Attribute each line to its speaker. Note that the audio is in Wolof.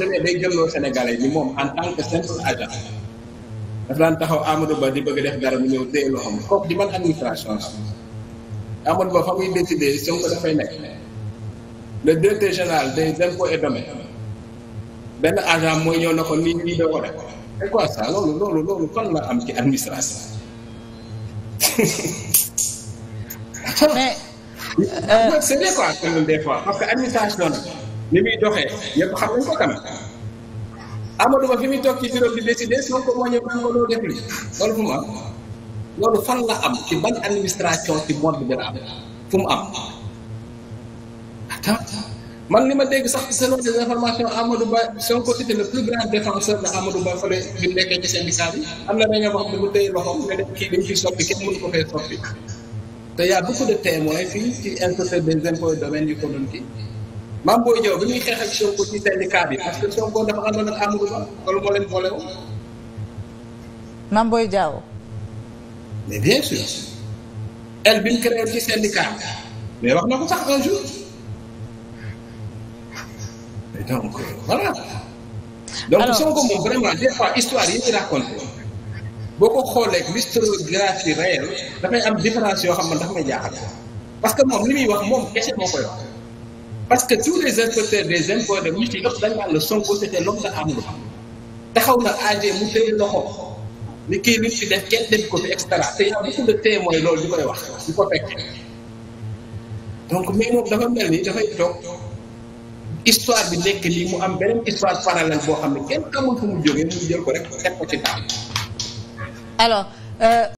Speaker 1: de demee day jëlloo Sénégalais yi moom en tant que simple agent dafa daan taxaw Amadou Ba di bëgg a def dara mu ñëw téye loxoom kooku di man administration Amadou Ba fa muy le directeur général des benn agent mooy ñëw na ko nii nii doo ko am ci administration. mais. Euh, c'est vrai quoi quand fois parce que administration nag. ni muy doxee ñëpp xam nañ ko tam Amadou Ba fi muy toog ci bureau bi décider soo ko moo ñëw man ko doo def li loolu fu mu fan la am ci ban administration ci monde bi la am fu mu am attends man li ma dégg sax selon les informations Amadou Ba Sonko c'était le plus grand défenseur de Amadou Ba fële bi nekkee ci syndicat bi am na réunion boo xam ne bu tëye loxoom ne def kii dañ ciy soppi kenn mënu ko fay soppi te y a beaucoup de témoins fii ci inspecteur des impôts et domaines yu ko doon kii Mame Boye ba ñuy xeex ak Sonko ci syndicat bi parce que Sonko dafa àndoon ak Amadou leen boole woon. Mame Boye Diao. mais bien mais wax na ko sax un jour. et donc voilà. donc Sonko moom vraiment des fois histoire yi ñu raconté boo ko am différence yoo xam ne dafa may jaaxal parce que moom li muy wax moom kese moo koy wax. parce que tous les inspecteurs des impôts de ñu ci ëpp dañ naan la Sonko c'était l'homme de Amadou Ba taxaw na AG mu téye loxo ni kii lu ci def kenn def ko fi et te y a beaucoup de témoins loolu di koy wax di ko fekke donc mais moom dafa mel ni dafay toog histoire bi nekk nii mu am beneen histoire parallèle boo xam ne kenn xamul fu mu jógee mu jël ko rek teg ko ci daal alors. Euh,